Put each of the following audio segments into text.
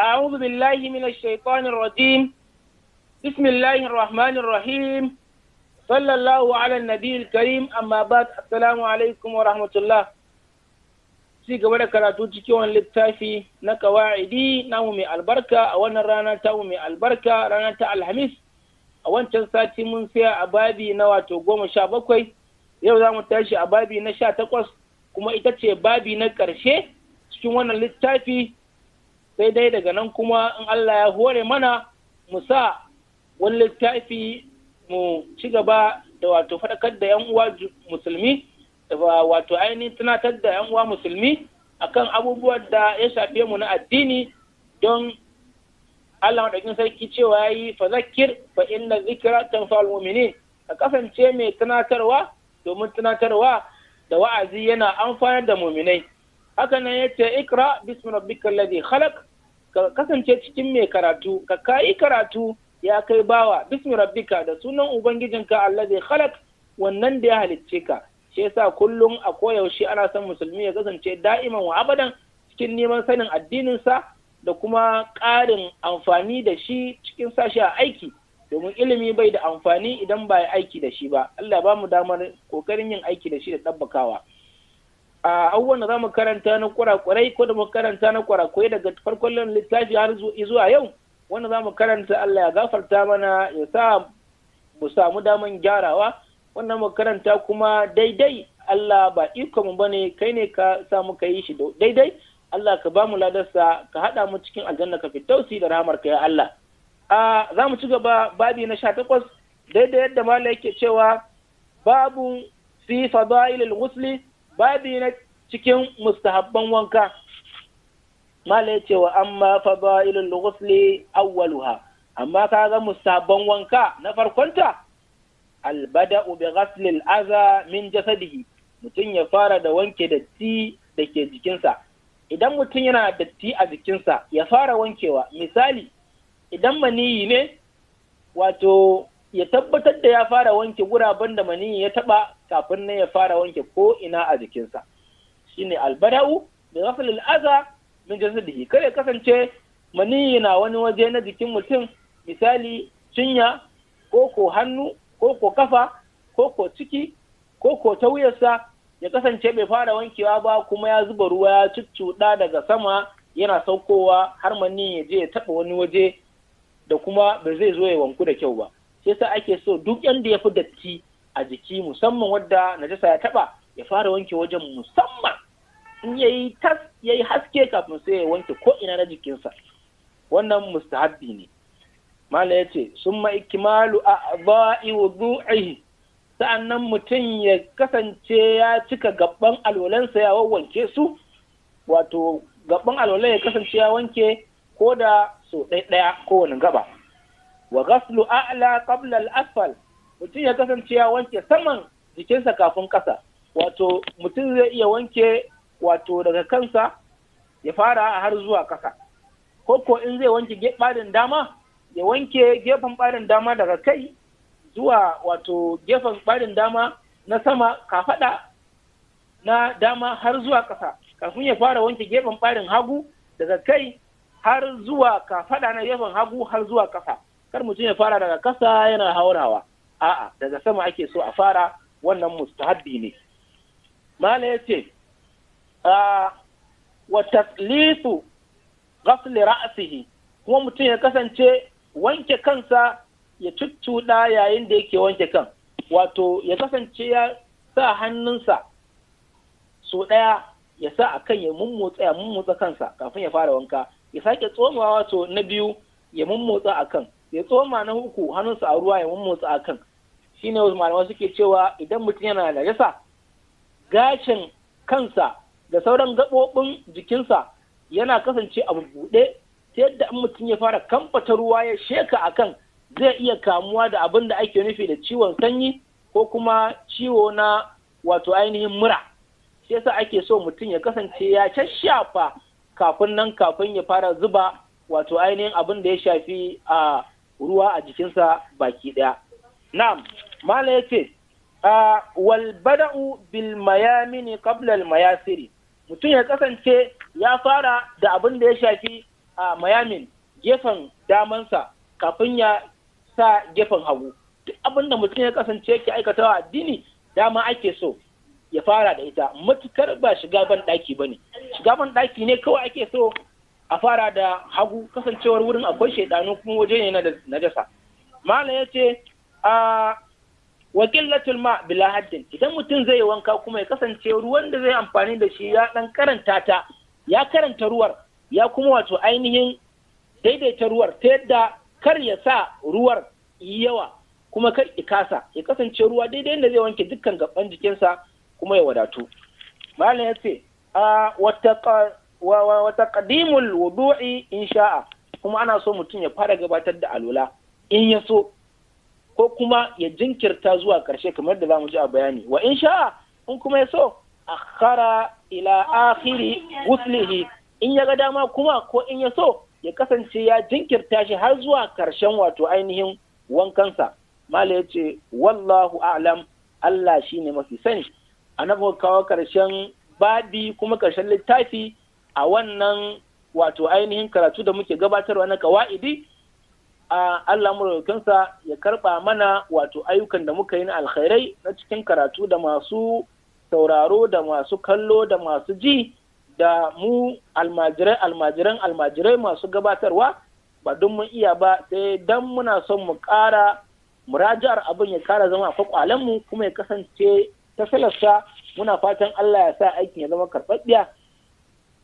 أعوذ بالله من الشيطان الرجيم بسم الله الرحمن الرحيم صلى الله على النبي الكريم أما بعد السلام عليكم ورحمة الله ci gaba da karatu cikin wani littafi na kawa'idi namu mai albarka a wannan rana ta mai albarka rana ta alhamis a wancan sati mun saya a babi na wato goma sha bakwai yau za mu tashi a babi na sha takwas kuma ita ce babi na ƙarshe cikin wannan littafi sai dai daga nan kuma in Allah ya hore mana mu sa wani littafi mu ci gaba da wato faɗakar da yan uwa musulmi wato ainihin tunatar da yan uwa musulmi akan abubuwan da ya shafe mu na addini don Allah maɗaukin sarki cewa ya yi fazakir fa inna zikira tanfa'ul mu'minin ka kasance mai tunatarwa domin tunatarwa da wa'azi yana amfanar da muminai Hakanan ya ce ikra bismi rabbikal ladhi khalaq ka kasance cikin mai karatu ka kayi karatu ya kai bawa bismi rabbika da sunan ubangijinka zai khalak" wannan da ya halicce ka shi yasa kullum a koyaushe ana son musulmi ya kasance da'iman wa abadan cikin neman sanin addininsa da kuma ƙarin amfani da shi cikin sashi a aiki domin ilimi bai da amfani idan ba aiki da shi ba Allah ba mu damar kokarin yin aiki da shi da tabbakawa a abubuwan da za mu karanta na kurakurai ko da mu karanta na kurakurai daga farkon littafi har zuwa yau wanda za mu karanta Allah ya gafarta mana ya sa mu samu daman gyarawa wannan mu karanta kuma daidai Allah ba iko mu bane kai ne ka sa mu yi shi daidai Allah ka ba mu ladarsa ka haɗa mu cikin aljanna ka fitausi da rahmar ka ya Allah a za mu ci gaba babi na 18 daidai yadda malai yake cewa babu fi fadailil ghusli babi na cikin mustahabban wanka mala ya ce wa amma fadailul ghusli awwaluha amma ka ga mustahabban wanka na farkonta Albada bi ghaslil aza min jasadihi mutum ya fara da wanke datti da ke jikinsa idan mutum yana datti a jikinsa ya fara wankewa misali idan maniyi ne wato ya tabbatar da ya fara wanke guraben da maniyi ya taba kafin ne ya fara wanke ko ina a jikinsa Shi shine albada'u bi ghasl al-adha min jasadihi kare kasance maniyi na wani waje na jikin mutum misali cinya ko ko hannu ko ko kafa ko ko ciki ko ko ta wuyarsa ya kasance bai fara wankewa ba kuma ya zuba ruwa ya cuccuɗa daga sama yana saukowa har mani ya je ya taɓa wani waje da kuma ba zai zo ya wanku da kyau ba sai sa ake so duk yanda ya fi datti a jiki musamman wadda najasa ya taba ya fara wanke wajen musamman in yayi tas yayi haske kafin sai ya wanke ko ina na jikinsa wannan mustahabbi ne mala ya ce sun ma'ikimalu a ba'i sa'annan mutum ya kasance ya cika gaban alwalansa ya wawwanke su wato gaban alwalan ya kasance ya wanke ko da so ɗaya kowane gaba wa gaslu a'la qabla al-asfal mutum ya kasance ya wanke saman jikinsa kafin ƙasa wato mutum zai iya wanke wato daga kansa ya fara har zuwa ƙasa ko in zai wanke gefen dama ya wanke gefen ɓarin dama daga kai zuwa wato gefen ɓarin dama na sama kafaɗa na dama har zuwa ƙasa kafin ya fara wanke gefen barin hagu daga kai har zuwa kafaɗa na gefen hagu har zuwa ƙasa kar mutum ya fara daga ƙasa yana haurawa a'a daga sama ake so a fara wannan mustahabbi ne mala ya ce wa taslisu ghasl ra'sihi kuma mutum ya kasance wanke kansa ya cuccuɗa yayin da yake wanke kan wato ya kasance ya sa hannunsa su ɗaya ya sa a kan ya mummotsa ya mummotsa kansa kafin ya fara wanka ya sake tsomawa wato na biyu ya mummotsa a kan ya tsoma na uku hannunsa a ruwa ya mummotsa a kan shine malamai suke cewa idan mutum yana da najasa gashin kansa da sauran gaɓoɓin jikinsa yana kasance a buɗe ta yadda in mutum ya fara kamfata ruwa ya sheka akan zai iya kamuwa da abin da ake nufi da ciwon sanyi ko kuma ciwo na wato ainihin mura shi yasa ake so mutum ya kasance ya shashafa kafin nan kafin ya fara zuba wato ainihin abin da ya shafi a ruwa a jikinsa baki ɗaya. Na'am. mala yace ce, walbada'u bil mayamini mayasiri mutum ya kasance ya fara da abin da ya shafi a mayamin gefen damansa kafin ya sa gefen hagu duk abin da mutum ya kasance yake aikatawa addini dama ake so ya fara da ita matukar ba shiga ban ba ne, shiga ban daki ne kawai ake so a fara da hagu kasancewar wurin akwai shaidanu kuma waje ne na najasa malam ya ce wa qillatul ma bila haddin idan mutum zai wanka kuma ya kasance ruwan da zai amfani da shi ya dan karanta ta ya karanta ruwar ya kuma wato ainihin daidaita ruwar ta yadda kar ya sa ruwar yawa kuma kar kasa ya kasance ruwa daidai da zai wanke dukkan gaban jikinsa kuma ya wadatu malam ya ce a wa taqdimul wudu'i insha'a kuma ana so mutum ya fara gabatar da alula in ya so ko kuma ya jinkirta zuwa ƙarshe kamar da za mu ji a bayani wa in sha'a in kuma ya so akhara ila akhiri wuslihi in ya ga dama kuma ko in ya so ya kasance ya jinkirta shi har zuwa ƙarshen wato ainihin wankansa mala ya ce wallahu a'lam Allah ne mafi sani na kawo ƙarshen baɗi kuma ƙarshen littafi a wannan wato ainihin karatu da muke gabatarwa na kawa'idi Allah muraukinsa ya karɓa mana wato ayyukan da muka yi na alkhairai na cikin karatu da masu sauraro da masu kallo da masu ji da mu almajirai almajiran almajirai masu gabatarwa ba don mun iya ba sai dan muna son mu ƙara murajar abin ya kara zama a mu kuma ya kasance ta salasta muna fatan Allah ya sa aikin ya zama karɓaɓɓiya.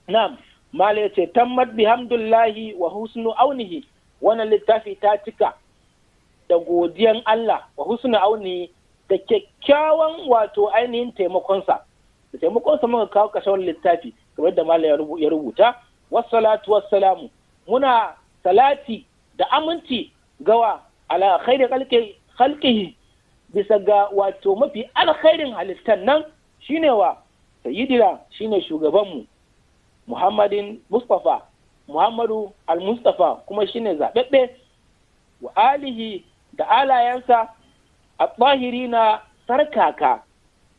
Na'am, Mala ya ce, Tammad bihamdullahi wa husnu aunihi. wannan littafi ta cika da godiyan Allah wa husna auni da kyakkyawan wato ainihin taimakonsa da taimakonsa muka kawo kashe littafi kamar da mala ya rubuta wassalatu wassalamu muna salati da aminci gawa ala khairi khalqihi bisa ga wato mafi alkhairin halittar nan shine wa sayyidina shine shugabanmu muhammadin mustafa Muhammadu al-Mustafa kuma shine zaɓaɓɓe wa alihi da alayensa a na sarkaka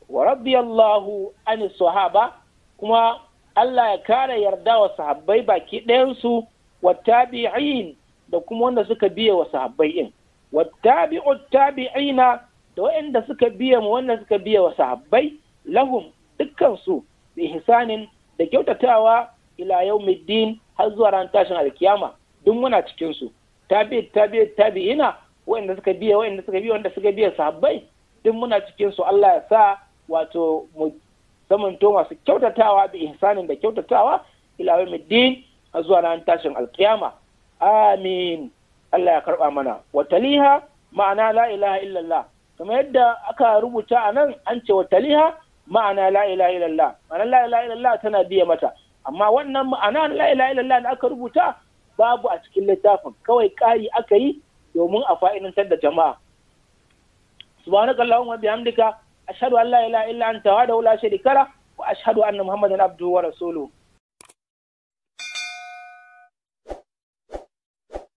wa rabbi ani an sahaba kuma Allah ya kare yarda wa sahabbai baki ɗayansu wa tabi'in da kuma wanda suka biye wa sahabbai in wa tabi'u tabi'ina da wa'inda suka biye mu wanda suka biye wa sahabbai lahum dukkan su bi ihsanin da kyautatawa ila middin har zuwa ran tashin alkiyama duk muna cikin su tabi tabi wa wanda suka biya wanda suka biya wanda suka biya sahabbai duk muna cikin su Allah ya sa wato mu zamanto masu kyautatawa bi ihsanin da kyautatawa ila middin har zuwa ran tashin alkiyama amin Allah ya karba mana wa taliha ma'ana la ilaha illallah kamar yadda aka rubuta a nan an ce wa taliha ma'ana la ilaha illallah ma'ana la ilaha illallah tana biya mata amma wannan ma'ana la ilaha da aka rubuta babu a cikin littafin kawai ƙari aka yi domin a fa'idantar da jama'a subhanaka allahumma bihamdika ashhadu an la ilaha illa anta wa la sharika lak wa ashhadu anna muhammadan abduhu wa rasuluhu